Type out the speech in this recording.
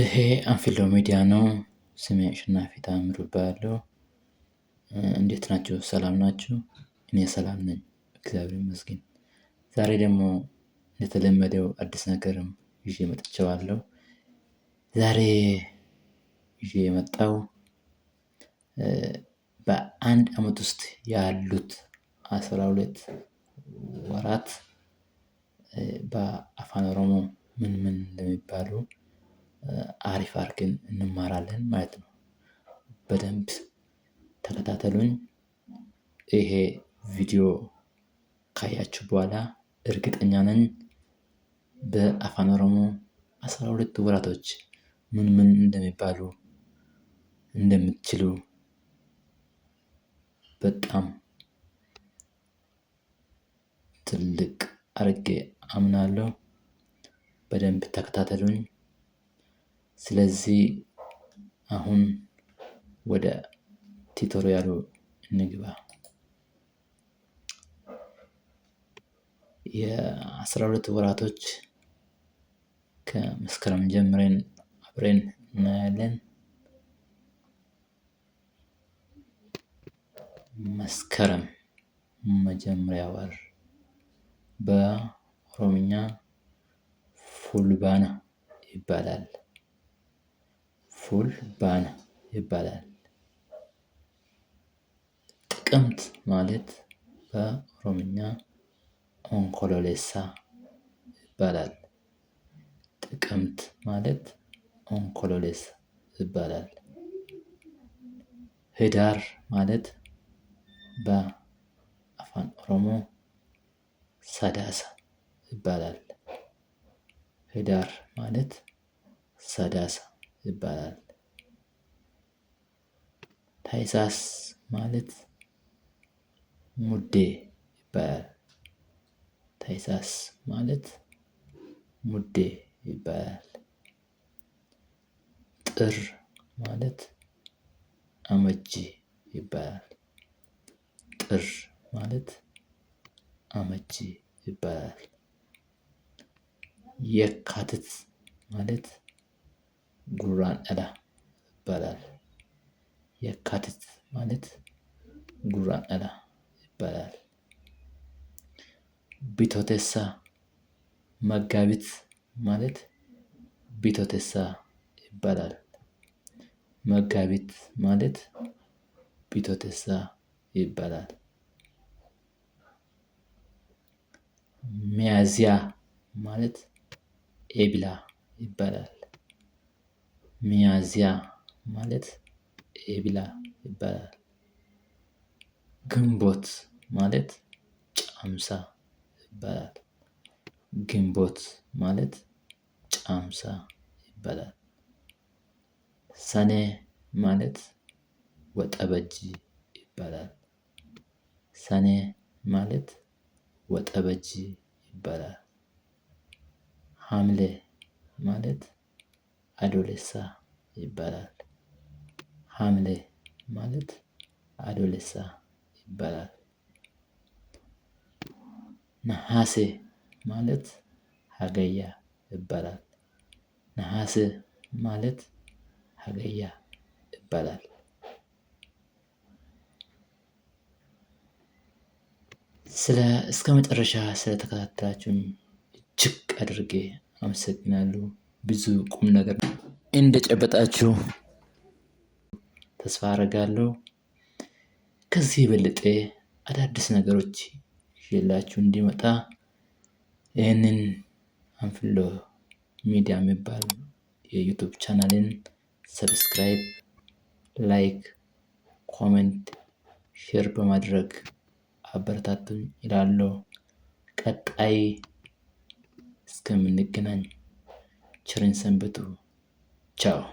ይሄ አንፊሎ ሚዲያ ነው። ስሜ አሸናፊ ታምሩ እባላለሁ። እንዴት ናችሁ? ሰላም ናችሁ? እኔ ሰላም ነኝ፣ እግዚአብሔር ይመስገን። ዛሬ ደግሞ እንደተለመደው አዲስ ነገርም ይዤ መጥቼዋለሁ። ዛሬ ይዤ የመጣው በአንድ አመት ውስጥ ያሉት አስራ ሁለት ወራት በአፋን ኦሮሞ ምን ምን እንደሚባሉ አሪፍ አድርገን እንማራለን ማለት ነው። በደንብ ተከታተሉን። ይሄ ቪዲዮ ካያችሁ በኋላ እርግጠኛ ነን በአፋን ኦሮሞ አስራ ሁለት ወራቶች ምን ምን እንደሚባሉ እንደምትችሉ በጣም ትልቅ አድርጌ አምናለሁ። በደንብ ተከታተሉኝ። ስለዚህ አሁን ወደ ቲቶሪያሉ እንግባ። የአስራ ሁለት ወራቶች ከመስከረም ጀምረን አብረን እናያለን። መስከረም መጀመሪያ ወር በኦሮምኛ ፉልባና ይባላል። ፉል ባነ ይባላል። ጥቅምት ማለት በኦሮምኛ ኦንኮሎሌሳ ይባላል። ጥቅምት ማለት ኦንኮሎሌሳ ይባላል። ህዳር ማለት በአፋን ኦሮሞ ሰዳሳ ይባላል። ህዳር ማለት ሰዳሳ ይባላል። ታይሳስ ማለት ሙዴ ይባላል። ታይሳስ ማለት ሙዴ ይባላል። ጥር ማለት አመጂ ይባላል። ጥር ማለት አመጂ ይባላል። የካትት ማለት ጉራን እላ ይባላል። የካቲት ማለት ጉራን እላ ይባላል። ቢቶቴሳ መጋቢት ማለት ቢቶቴሳ ይባላል። መጋቢት ማለት ቢቶቴሳ ይባላል። ሚያዚያ ማለት ኤቢላ ይባላል ሚያዚያ ማለት ኤቢላ ይባላል። ግንቦት ማለት ጫምሳ ይባላል። ግንቦት ማለት ጫምሳ ይባላል። ሰኔ ማለት ወጠበጂ ይባላል። ሰኔ ማለት ወጠበጂ ይባላል። ሀምሌ ማለት አዶለሳ ይባላል። ሀምሌ ማለት አዶለሳ ይባላል። ነሐሴ ማለት ሀገያ ይባላል። ነሐሴ ማለት ሀገያ ይባላል። ስለ እስከመጨረሻ ስለተከታተላችሁኝ እጅግ አድርጌ አመሰግናለሁ። ብዙ ቁም ነገር እንደጨበጣችሁ ተስፋ አረጋለሁ። ከዚህ የበለጠ አዳዲስ ነገሮች ይዤላችሁ እንዲመጣ ይህንን አንፍሎ ሚዲያ የሚባል የዩቱብ ቻናልን ሰብስክራይብ፣ ላይክ፣ ኮሜንት፣ ሼር በማድረግ አበረታቱኝ ይላለሁ። ቀጣይ እስከምንገናኝ ቸርን ሰንብቱ። 叫。